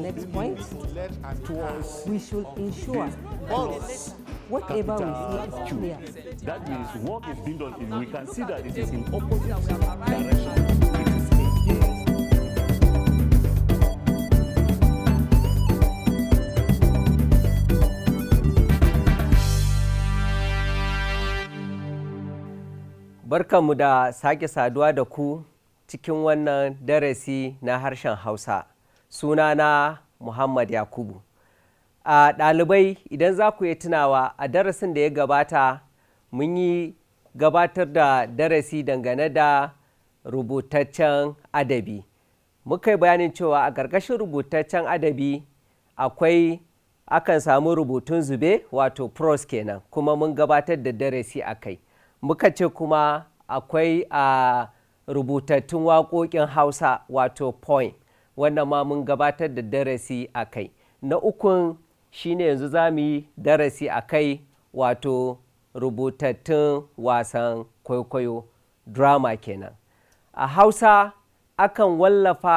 next point, we should ensure that whatever we see is clear. That means work is being done. If we can see that it is in opposite direction. Barkanmu da sake saduwa da ku cikin wannan darasi na harshen Hausa. sunana muhammad yakubu a ɗalibai idan za ku yi tunawa a darasin da ya gabata mun yi gabatar da darasi dangane da rubutaccen adabi muka yi bayanin cewa a ƙarƙashin rubutaccen adabi akwai akan samu rubutun zube wato pros kenan kuma mun gabatar da darasi a kai muka ce kuma akwai a rubutattun waƙoƙin hausa wato point wannan ma mun gabatar da darasi a kai na ukun shine yanzu za mu yi darasi a kai wato rubutattun wasan kwaikwayo drama kenan a hausa akan wallafa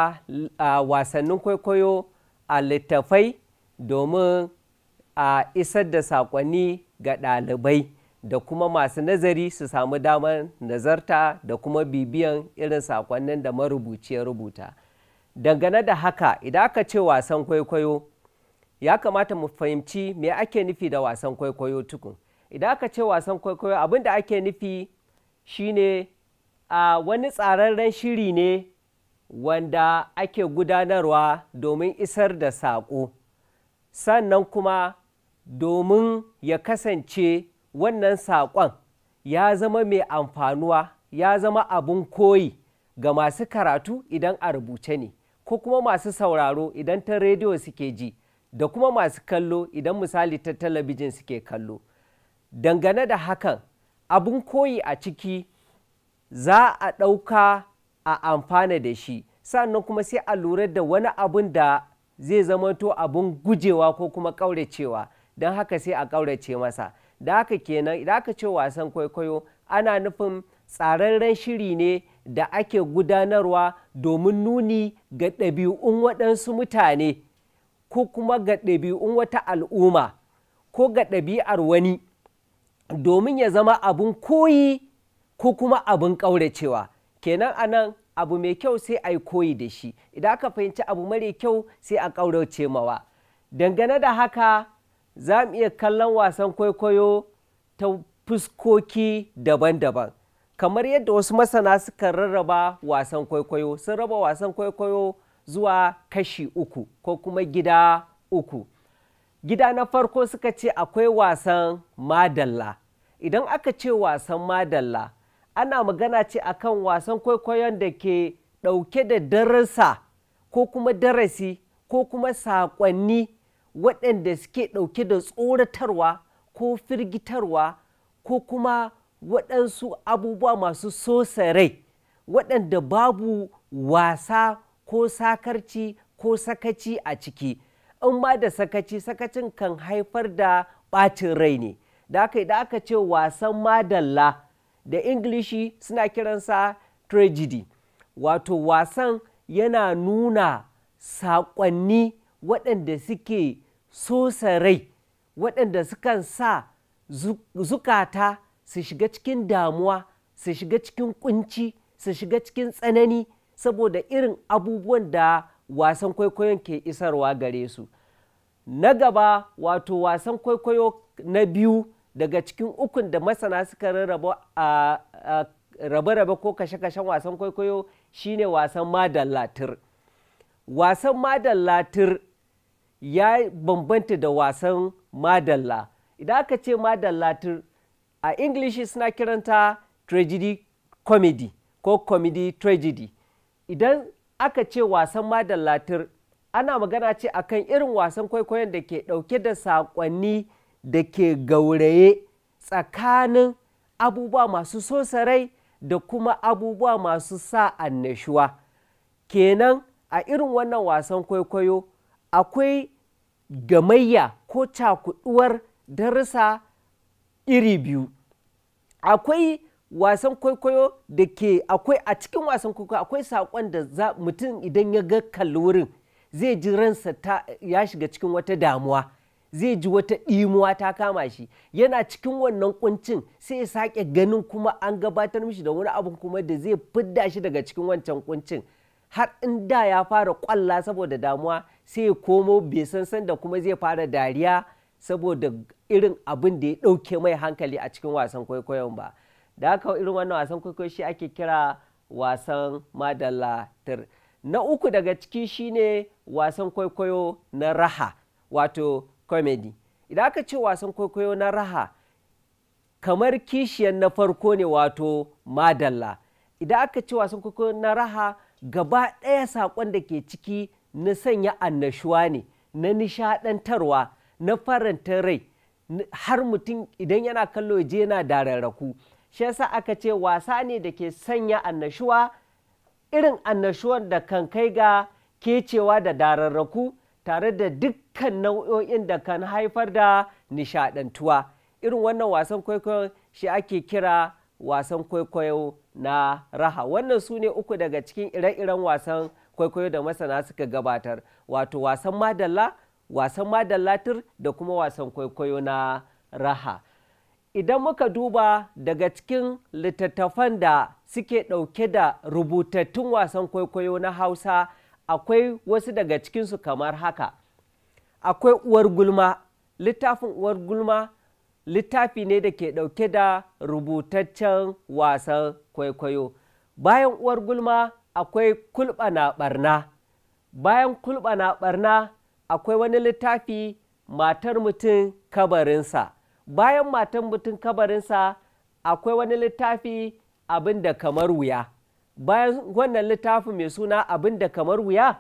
a wasannin kwaikwayo a littafai domin a isar da saƙonni ga ɗalibai da kuma masu nazari su samu damar nazarta da kuma bibiyan irin saƙonnin da marubuci ya rubuta dangane da haka idan aka ce wasan kwaikwayo ya kamata mu fahimci me ake nufi da wasan kwaikwayo tukun idan aka ce wasan kwaikwayo abin da ake nufi shine a wani tsararren shiri ne wanda ake gudanarwa domin isar da saƙo sannan kuma domin ya kasance wannan saƙon ya zama mai amfanuwa ya zama abin koyi ga masu karatu idan a rubuce ne ko kuma masu sauraro idan ta rediyo suke ji da kuma masu kallo idan misali ta talabijin suke kallo dangane da hakan abun koyi a ciki za a ɗauka a amfana da shi sannan kuma sai a lura da wani abun da zai zama zamanto abun gujewa ko kuma ƙauracewa don haka sai a ƙaurace masa da haka kenan idan aka ce wasan kwaikwayo ana nufin tsararren shiri ne da ake gudanarwa domin nuni ga ɗabi'un waɗansu mutane ko kuma ga ɗabi'un wata al'umma ko ga ɗabi'ar wani domin ya zama abin koyi ko kuma abin ƙauracewa kenan anan abu mai kyau sai a yi koyi da shi idan aka fahimci abu mare kyau sai a ƙaurace mawa dangane da haka za mu iya kallon wasan kwaikwayo ta fuskoki daban-daban kamar yadda wasu masana suka rarraba wasan kwaikwayo sun raba wasan kwaikwayo zuwa kashi uku ko kuma gida uku gida na farko suka ce akwai wasan madalla idan aka ce wasan madalla ana magana ce akan wasan kwaikwayon da ke dauke da darasa ko kuma darasi ko kuma saƙonni waɗanda suke ɗauke da tsoratarwa ko firgitarwa ko kuma waɗansu abubuwa masu sosa rai waɗanda babu wasa ko sakarci ko sakaci a ciki in ma da sakaci sakacin kan haifar da ɓacin rai ne da aka da aka ce wasan madalla da ingilishi suna kiransa tragedy wato wasan yana nuna saƙonni waɗanda suke sosa rai waɗanda sukan sa zukata su shiga cikin damuwa su shiga cikin kunci su shiga cikin tsanani saboda irin abubuwan da wasan kwaikwayon ke isarwa gare su na gaba wato wasan kwaikwayo na biyu daga cikin ukun da masana suka rabe-rabe ko kashe-kashen wasan kwaikwayo shine wasan latir wasan madallatir ya bambanta da wasan madalla idan aka ce madallatir a ingilishi suna kiranta tragedy comedy ko comedy tragedy idan aka ce wasan madallatir ana magana ce akan irin wasan kwaikwayon da ke dauke da sakonni da ke gauraye tsakanin abubuwa masu sosarai da kuma abubuwa masu sa annashuwa kenan a irin wannan wasan kwaikwayo akwai gamayya ko cakuduwar darussa iri biyu akwai wasan kwaikwayo da ke akwai a cikin wasan kwaikwayo akwai saƙon da mutum idan ya ga kalli wurin zai ji ransa ta ya shiga cikin wata damuwa zai ji wata ɗimuwa ta kama shi yana cikin wannan kuncin sai ya sake ganin kuma an gabatar mishi da wani abin kuma da zai fidda shi daga cikin wancan kuncin har in da ya fara kwalla saboda damuwa sai ya komo bai san san da kuma zai fara dariya saboda irin abin da ya ɗauke mai hankali a cikin wasan kwaikwayon ba da haka irin wannan wasan kwaikwayo shi ake kira wasan madalatar na uku daga ciki shine wasan kwaikwayo na raha wato comedy idan aka ce wasan kwaikwayo na raha kamar kishiyar na farko ne wato madalla idan aka ce wasan kwaikwayo na raha gaba ɗaya saƙon da ke ciki na sanya annashuwa ne na nishaɗantarwa na faranta rai har mutum idan yana kallo je yana dararraku shi yasa aka ce wasa ne da ke sanya annashuwa irin annashuwan da kan kai ga kecewa da dararraku tare da dukkan nau'o'in da kan haifar da nishadantuwa irin wannan wasan kwaikwayo shi ake kira wasan kwaikwayo na raha wannan su ne uku daga cikin ire-iren wasan kwaikwayo da masana suka gabatar wato wasan madalla wasan madallatir da kuma wasan kwaikwayo na raha idan muka duba daga cikin littattafan da suke ɗauke da rubutattun wasan kwaikwayo na hausa akwai wasu daga cikinsu kamar haka akwai uwar gulma littafin uwar gulma littafi ne da ke ɗauke da rubutaccen wasan kwaikwayo bayan uwar gulma akwai kulɓana ɓarna bayan kulɓana ɓarna akwai wani littafi matar mutum kabarinsa bayan matar mutum kabarinsa akwai wani littafi abin da kamar wuya bayan wannan littafi mai suna abin da kamar wuya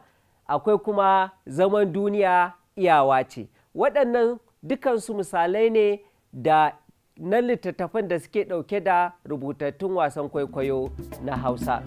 akwai kuma zaman duniya iyawa ce waɗannan dukansu misalai ne da na littattafan da suke ɗauke da rubutattun wasan kwaikwayo na hausa.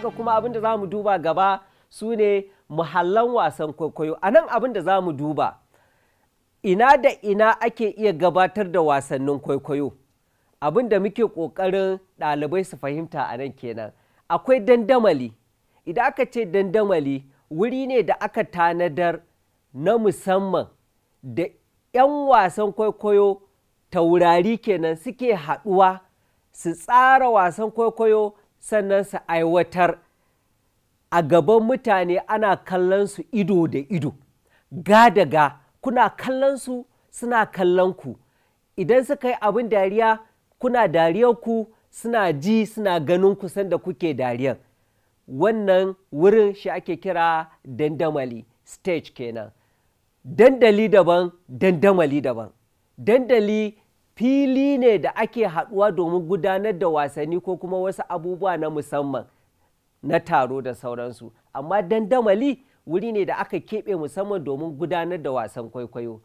haka kuma abin da za mu duba gaba su ne muhallan wasan kwaikwayo a nan abin da za mu duba ina da ina ake iya gabatar da wasannin kwaikwayo abin da muke ƙoƙarin ɗalibai su fahimta a nan kenan akwai dandamali idan aka ce dandamali wuri ne da aka tanadar na musamman da 'yan wasan kwaikwayo taurari kenan suke haɗuwa su tsara wasan kwaikwayo sannan su aiwatar a gaban mutane ana kallon su ido da ido ga da ga kuna kallon su suna kallon ku idan suka yi abin dariya kuna dariyar ku suna ji suna ganin ku sanda kuke dariyar wannan wurin shi ake kira dandamali stage kenan dandali daban dandamali daban dandali fili ne da ake haɗuwa domin gudanar da wasanni ko kuma wasu abubuwa na musamman na taro da sauransu amma dandamali wuri ne da aka keɓe musamman domin gudanar da wasan kwaikwayo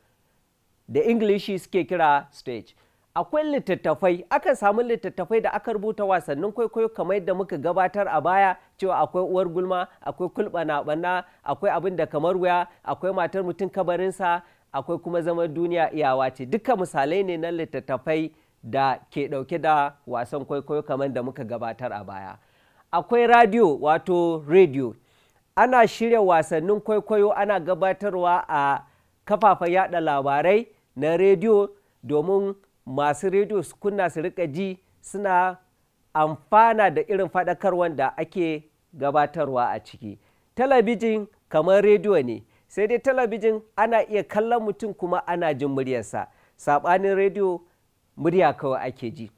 da ingilishi suke kira stage akwai littattafai akan samu littattafai da aka rubuta wasannin kwaikwayo kamar yadda muka gabatar a baya cewa akwai uwar gulma akwai kulɓana ɓana akwai abin da kamar wuya akwai matar mutum kabarinsa akwai kuma zaman duniya iyawa ce duka misalai ne na littattafai da ke dauke da wasan kwaikwayo kamar da muka gabatar a baya akwai radio wato radio ana shirya wasannin kwaikwayo ana gabatarwa a kafafen yada labarai na rediyo domin masu rediyo su kunna su rika ji suna amfana da irin faɗakarwar da ake gabatarwa a ciki talabijin kamar rediyo ne sai dai talabijin ana iya kallon mutum kuma ana jin muryarsa saɓanin rediyo murya kawai ake ji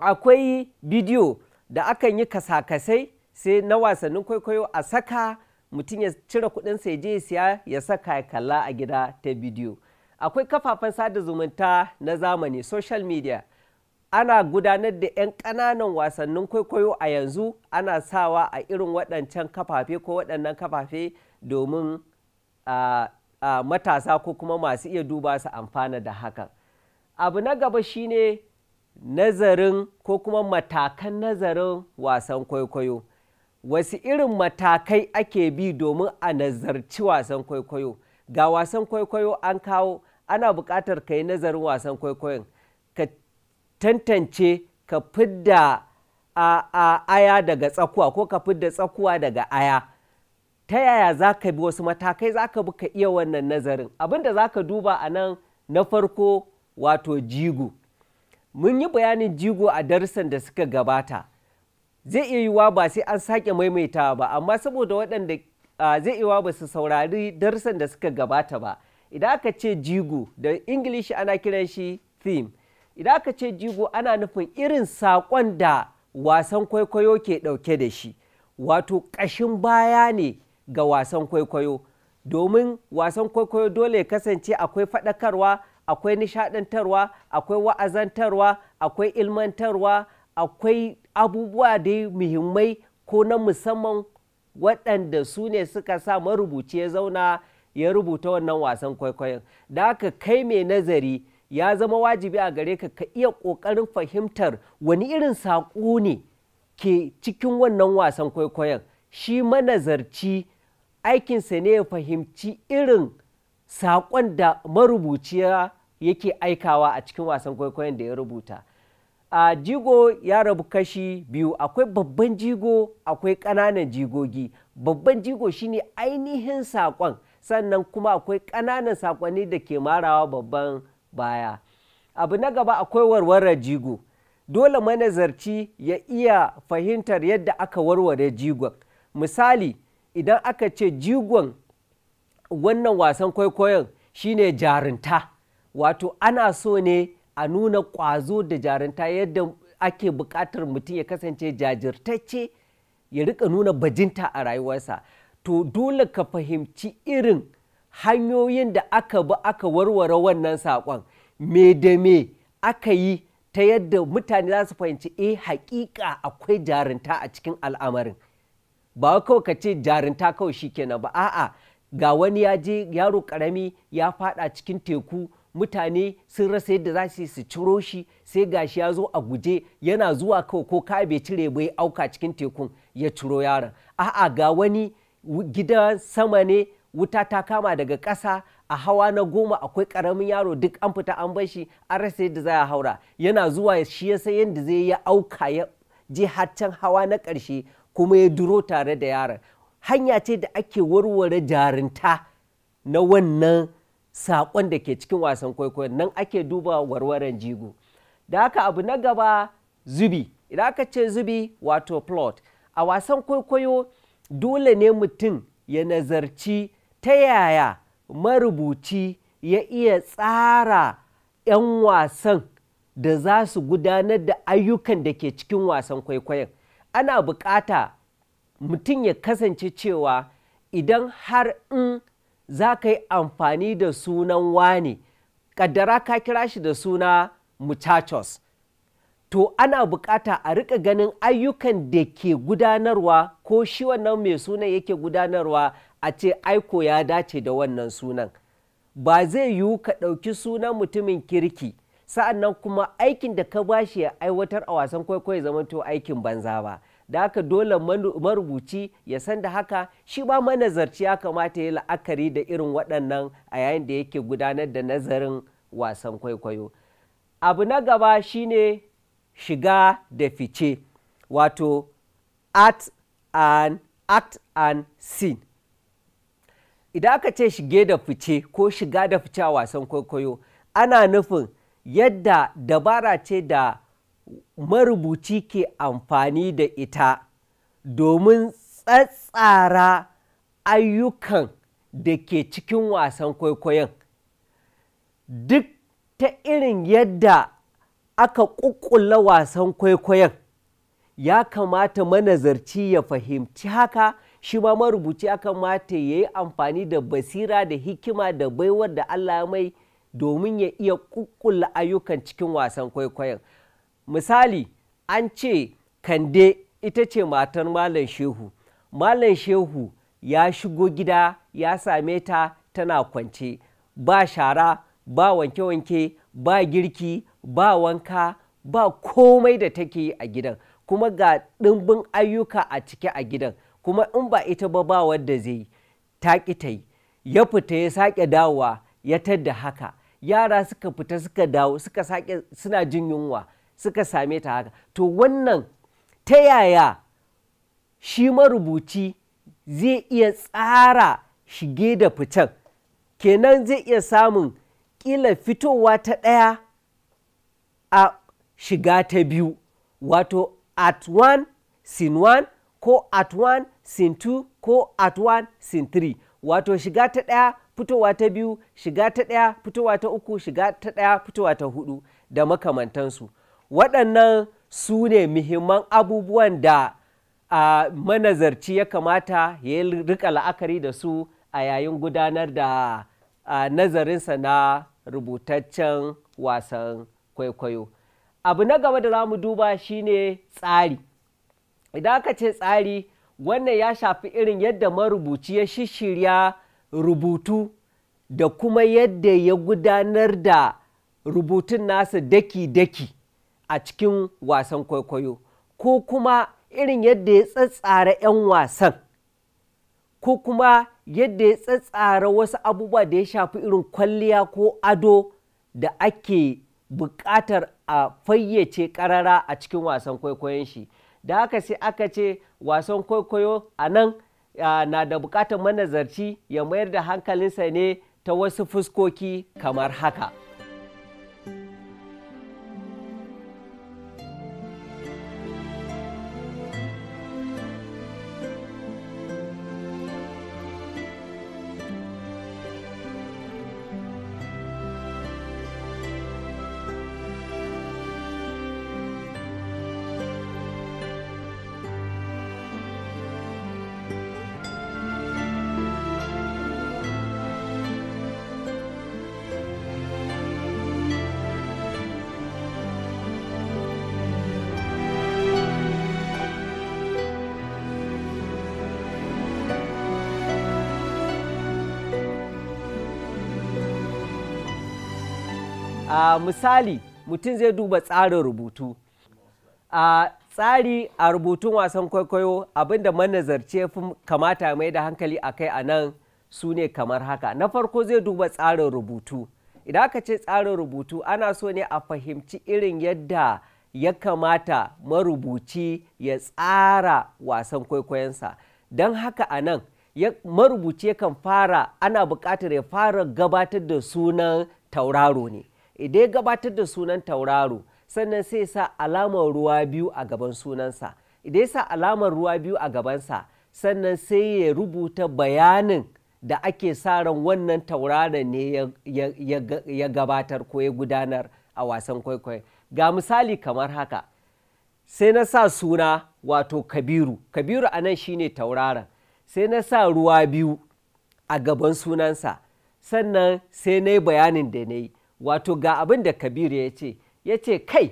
akwai bidiyo da akan yi kasakasai sai na wasannin kwaikwayo a saka mutum ya cire kudin ya je siya ya saka ya kalla a gida ta bidiyo akwai kafafen sada zumunta na zamani social media ana gudanar da 'yan ƙananan wasannin kwaikwayo a yanzu ana sawa a irin waɗancan kafafe ko waɗannan kafafe domin matasa ko kuma masu iya duba su amfana da hakan abu na gaba shine nazarin ko kuma matakan nazarin wasan kwaikwayo wasu irin matakai ake bi domin a nazarci wasan kwaikwayo ga wasan kwaikwayo an kawo ana buƙatar ka yi nazarin wasan kwaikwayon ka tantance ka fidda aya daga tsakuwa ko ka fidda tsakuwa daga aya ta yaya za ka bi wasu matakai za ka bi ka iya wannan nazarin abinda za ka duba a nan na farko wato jigo mun yi bayanin jigo a darussan da suka gabata zai iya yiwuwa ba sai an sake maimaita ba amma saboda waɗanda zai iya ba su saurari darussan da suka gabata ba idan aka ce jigo da ingilishi ana kiran shi theme idan aka ce jigo ana nufin irin saƙon da wasan kwaikwayo ke ɗauke da shi wato ƙashin baya ne ga wasan kwaikwayo domin wasan kwaikwayo dole ya kasance akwai faɗakarwa akwai nishaɗantarwa akwai wa'azantarwa akwai ilmantarwa akwai abubuwa da muhimmai ko na musamman waɗanda su ne suka sa marubuci ya zauna ya rubuta wannan wasan kwaikwayon da haka kai mai nazari ya zama wajibi a gare ka ka iya ƙoƙarin fahimtar wani irin saƙo ne ke cikin wannan wasan kwaikwayon shi manazarci aikinsa ne ya fahimci irin saƙon da marubuciya yake aikawa a cikin wasan kwaikwayon da ya rubuta a jigo ya rabu kashi biyu akwai babban jigo akwai ƙananan jigogi babban jigo shine ainihin saƙon sannan kuma akwai ƙananan saƙonni da ke marawa babban baya abu na gaba akwai warwarar jigo dole manazarci ya iya fahimtar yadda aka warware jigo. misali idan aka ce jigon wannan wasan kwaikwayon shine jarinta wato ana so ne a nuna ƙwazo da jarinta yadda ake buƙatar mutum ya kasance jajirtacce ya rika nuna bajinta a rayuwarsa to dole ka fahimci irin hanyoyin da aka bi aka warware wannan saƙon me da me aka yi ta yadda mutane za su fahimci eh haƙiƙa akwai jarinta a cikin al'amarin ba kawai ka ce jarinta kawai shikenan ba a'a ga wani ya je yaro karami ya fada cikin teku mutane sun rasa yadda za su su ciro shi sai gashi ya zo a guje yana zuwa kawai ko ka bai cire bai auka cikin tekun ya ciro yaron a'a ga wani gidan sama ne wuta ta kama daga ƙasa a hawa na goma akwai ƙaramin yaro duk an fita an bar shi an rasa yadda za a haura yana zuwa shi ya san yadda zai ya auka ya je har hawa na karshe. kuma ya duro tare da yaron hanya ce da ake warware jarinta na wannan saƙon da ke cikin wasan kwaikwayon nan ake duba warwaren jigo da haka abu na gaba zubi idan aka ce zubi wato plot a wasan kwaikwayo dole ne mutum ya nazarci ta yaya marubuci ya iya tsara 'yan wasan da za su gudanar da ayyukan da ke cikin wasan kwaikwayon ana bukata mutum ya kasance cewa idan har in za ka yi amfani da sunan wane kaddara ka kira shi da suna muchachos to ana bukata a rika ganin ayyukan da ke gudanarwa ko shi wannan mai sunan yake gudanarwa a ce aiko ya dace da wannan sunan ba zai yiwu ka ɗauki sunan mutumin kirki sa'an nan kuma aikin da ka bashi ya aiwatar a wasan kwaikwayo zama to aikin banza ba da haka dole marubuci ya san da haka shi ba manazarci ya kamata ya la'akari da irin waɗannan a yayin da yake gudanar da nazarin wasan kwaikwayo abu na gaba shine shiga da fice wato art and act and scene idan aka ce shige da fice ko shiga da fice a wasan kwaikwayo ana nufin yadda dabara ce da marubuci ke amfani da ita domin tsatsara ayyukan da ke cikin wasan kwaikwayon duk ta irin yadda aka ƙuƙula wasan kwaikwayon ya kamata manazarci ya fahimci haka shi ma marubuci ya kamata ya yi amfani da basira da hikima da baiwar da Allah mai domin ya iya kukkulla ayyukan cikin wasan kwaikwayon misali an ce kande ita ce matar malam shehu malam shehu ya shigo gida ya same ta tana kwance ba shara ba wanke-wanke ba girki ba wanka ba komai da take yi a gidan kuma ga ɗimbin ayyuka a cike a gidan kuma in ba ita ba ba wadda zai ta yi ya fita ya sake dawowa ya tadda haka yara suka fita suka dawo suka sake suna jin yunwa suka same ta haka to wannan ta yaya shi marubuci zai iya tsara shige da fitan kenan zai iya samun kila fitowa ta ɗaya a shiga ta biyu wato at one sin one ko at one sin two ko at one sin three wato shiga ta ɗaya fitowa ta biyu shiga ta ɗaya fitowa ta uku shiga ta ɗaya fitowa ta hudu da makamantansu waɗannan su ne muhimman abubuwan da a manazarci ya kamata ya rika la'akari da su a yayin gudanar da nazarinsa na rubutaccen wasan kwaikwayo abu na gaba da zamu duba shine tsari idan aka ce tsari wannan ya shafi irin yadda marubuci ya shishirya rubutu da kuma yadda ya gudanar da rubutun nasa daki-daki a cikin wasan kwaikwayo ko kuma irin yadda ya tsatsara 'yan wasan ko kuma yadda ya tsatsara wasu abubuwa da ya shafi irin kwalliya ko ado da ake buƙatar a fayyace ƙarara a cikin wasan kwaikwayon shi da haka sai aka ce wasan kwaikwayo a nan na da bukatar manazarci ya mayar da hankalinsa ne ta wasu fuskoki kamar haka. uh, misali mutum zai duba tsarin rubutu a tsari a rubutun wasan kwaikwayo abinda ya fi kamata mai da hankali a kai a nan su ne kamar haka na farko zai duba tsarin rubutu idan aka ce tsarin rubutu ana so ne a fahimci irin yadda ya kamata marubuci ya tsara wasan kwaikwayonsa don haka a nan marubuci kan fara ana buƙatar ya fara gabatar da sunan tauraro ne idan ya gabatar da sunan tauraro sannan sai sa alamar ruwa biyu a gaban sunansa idan ya sa alamar ruwa biyu a gabansa sannan sai ya rubuta bayanin da ake sa ran wannan tauraron ne ya gabatar ko ya gudanar a wasan kwaikwayo ga misali kamar haka sai na sa suna wato kabiru kabiru a nan shine tauraron sai na sa ruwa biyu a gaban sunansa sannan sai na yi bayanin da na yi wato ga abin da kabiru ya ce ya ce kai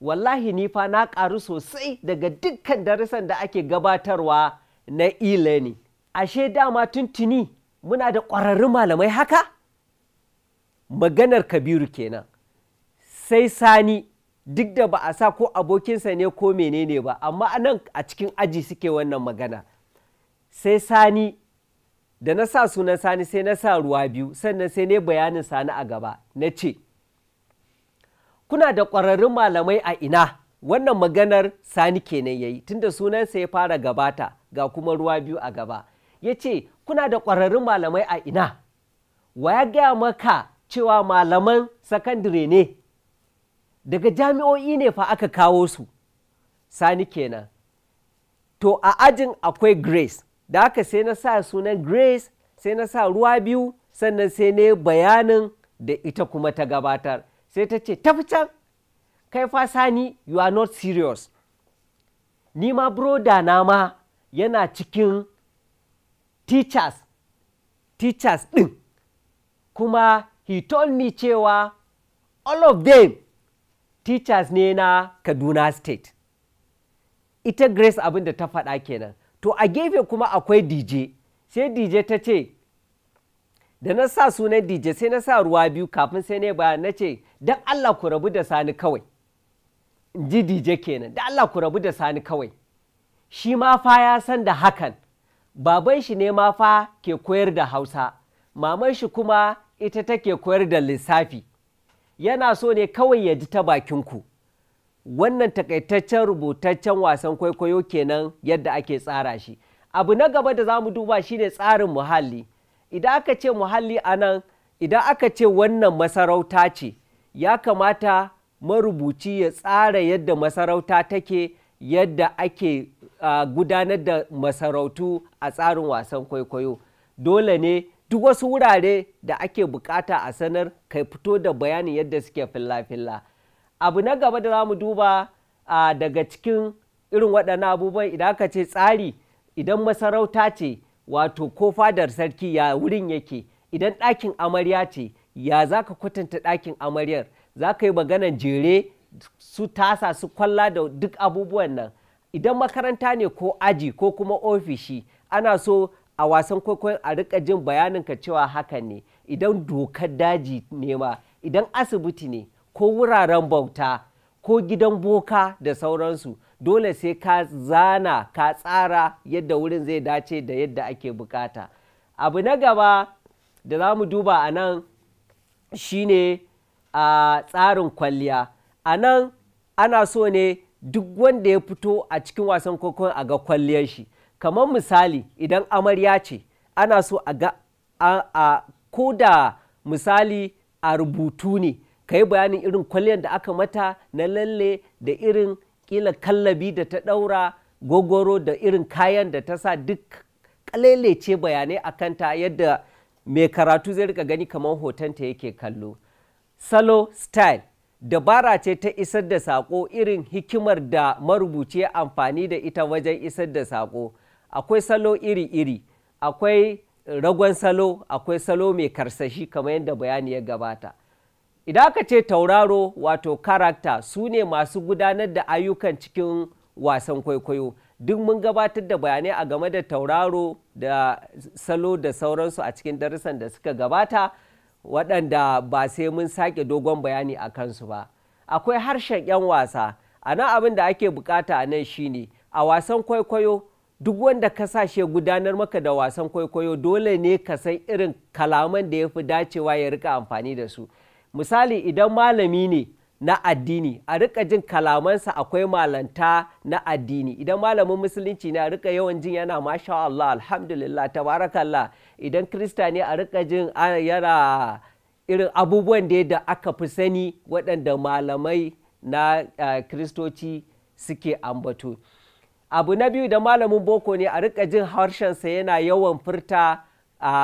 wallahi nifa na ƙaru sosai daga dukkan darussan da ake gabatarwa na e-learning ashe dama tuntuni muna da ƙwararrun malamai haka maganar kabiru kenan sai sani duk da ba a sa ko abokinsa ne ko menene ba amma anan a cikin aji suke wannan magana sai sani da na sa sunan sani sai na sa ruwa biyu sannan sai ne bayanin sani a gaba na ce kuna da ƙwararrun malamai a ina wannan maganar sani kenan ya yi tunda sunansa ya fara gabata ga kuma ruwa biyu a gaba ya ce kuna da ƙwararrun malamai a ina wa ya gaya maka cewa malaman sakandire ne daga jami'o'i ne fa aka kawo su sani kenan to a ajin akwai grace da aka sai na sa sunan grace sai na sa ruwa biyu sannan sai ne bayanin da ita kuma ta gabatar sai ta ce tafi can kai fa sani you are not serious ni ma broda na ma yana cikin teachers teachers din. kuma he told me cewa all of them teachers ne na kaduna state ita grace abin da ta faɗa kenan to a gefe kuma akwai dj sai dj ta ce da na sa sunan dj sai na sa ruwa biyu kafin sai ne ba na ce don allah ku rabu da sani kawai in ji dj kenan Don allah ku rabu da sani kawai shi ma fa ya san da hakan baban shi ne ma fa ke koyar da hausa maman shi kuma ita take koyar da lissafi yana so ne kawai ya ji ta bakinku ku wannan takaitaccen rubutaccen wasan kwaikwayo kenan yadda ake tsara shi abu na gaba da zamu duba shine tsarin muhalli idan aka ce muhalli a nan idan aka ce wannan masarauta ce ya kamata marubuci ya tsara yadda masarauta take yadda ake uh, gudanar da masarautu a tsarin wasan kwaikwayo dole ne duk wasu wurare da ake bukata a sanar kai fito da bayanin yadda suke filla-filla abu na gaba da za mu duba daga cikin irin waɗannan abubuwan idan aka ce tsari idan masarauta ce wato ko fadar sarki ya wurin yake idan ɗakin amarya ce ya za ka kwatanta ɗakin amaryar za ka yi maganan jere su tasa su kwalla da duk abubuwan nan idan makaranta ne ko aji ko kuma ofishi ana so a wasan kwaikwayon a rika jin bayanin ka cewa haka ne idan dokar daji ne ma idan asibiti ne ko wuraren bauta ko gidan boka da sauransu dole sai ka zana ka tsara yadda wurin zai dace da yadda ake bukata abu na gaba da za mu duba a nan shine a tsarin kwalliya a nan ana so ne duk wanda ya fito a cikin wasan kwaikwayon a ga kwalliyar shi kamar misali idan amarya ce ana so a ga ko da misali a rubutu ne ka yi bayanin irin kwalliyar da aka mata na lalle da irin kila kallabi da ta ɗaura gogoro da irin kayan da ta sa duk kalele ce bayanai a kanta yadda mai karatu zai rika gani kamar hotonta yake kallo salo style dabara ce ta isar da sako irin hikimar da marubuci amfani da ita wajen isar da sako akwai salo iri-iri akwai ragon salo akwai salo mai karsashi kamar yadda bayani ya gabata idan aka ce tauraro wato karakta su ne masu gudanar da ayyukan cikin wasan kwaikwayo duk mun gabatar da bayanai a game da tauraro da salo da sauransu a cikin darussan da suka gabata waɗanda ba sai mun sake dogon bayani a kansu ba akwai harshen 'yan wasa a nan abin da ake bukata a nan shine a wasan kwaikwayo duk wanda ka sashe gudanar maka da wasan kwaikwayo dole ne ka san irin kalaman da ya fi dacewa ya rika amfani da su misali idan malami ne na addini a rika jin kalamansa akwai malanta na addini idan malamin musulunci ne a rika yawan jin yana masha Allah alhamdulillah tabarakallah idan krista ne a rika jin yana irin abubuwan da da aka fi sani waɗanda malamai na kristoci suke ambatu abu na biyu da malamin boko ne a rika jin harshensa yana yawan furta a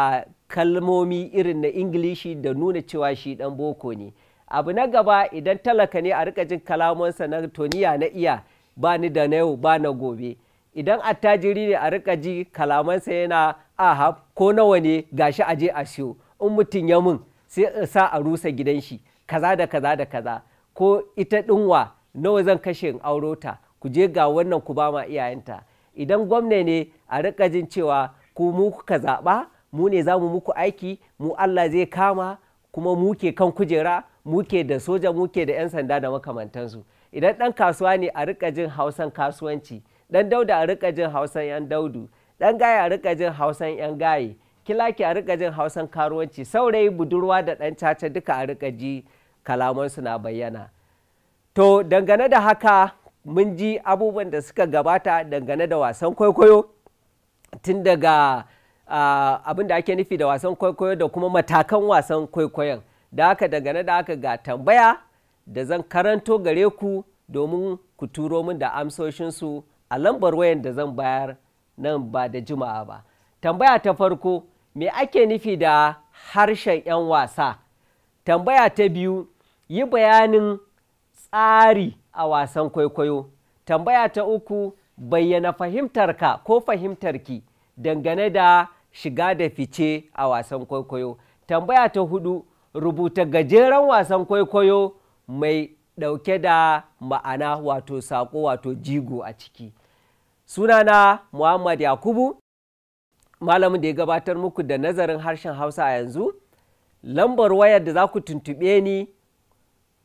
kalmomi irin na ingilishi da nuna cewa shi dan boko ne abu na gaba idan talaka ne a rika jin kalamansa na toniya na iya ba ni da na yau ba na gobe idan attajiri ne a rika ji kalamansa yana aha ko nawa ne gashi aje a siyo in mutum ya mun sai sa a rusa gidan shi kaza da kaza da kaza ko ita dinwa nawa zan kashe in auro ta ku je ga wannan ku ba ma iyayenta idan gwamna ne a rika jin cewa ku mu kuka zaɓa mu ne za mu muku aiki mu Allah zai kama kuma muke kan kujera muke da soja muke da 'yan sanda da makamantansu idan ɗan kasuwa ne a rika jin hausan kasuwanci ɗan dauda a rika jin hausan 'yan daudu ɗan gaye a rika jin hausan 'yan gaye kilaki a rika jin hausan karuwanci saurayi budurwa da ɗan caca duka a rika ji kalamansu na bayyana to dangane da haka mun ji abubuwan da suka gabata dangane da wasan kwaikwayo tun daga abin da ake nufi da wasan kwaikwayo da kuma matakan wasan kwaikwayon da haka daga da haka ga tambaya da zan karanto gare ku domin ku turo min da amsoshinsu a lambar wayan da zan bayar nan ba da jima'a ba tambaya ta farko me ake nufi da harshen 'yan wasa tambaya ta biyu yi bayanin tsari a wasan kwaikwayo tambaya ta uku bayyana fahimtarka ko fahimtarki dangane da shiga da fice a wasan kwaikwayo tambaya ta hudu rubuta gajeren wasan kwaikwayo mai ɗauke da ma'ana wato saƙo wato jigo a ciki sunana muhammad yakubu malamin da ya gabatar muku da nazarin harshen hausa a yanzu lambar wayar da za ku tuntuɓe ni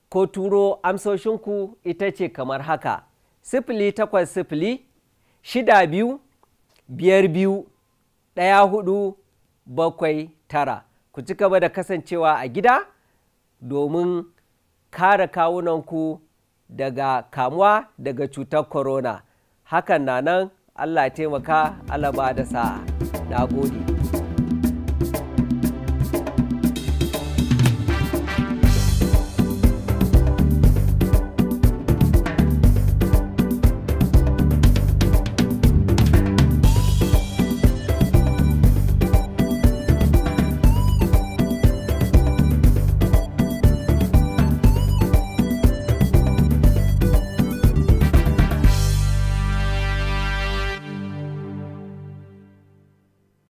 ko turo amsoshinku ita ce kamar haka sifili takwas sifili shida biyu biyar biyu ɗaya hudu bakwai tara ku ci gaba da kasancewa a gida domin kare kawunanku daga kamuwa daga cutar corona hakan na nan allah taimaka alaba da sa'a na gode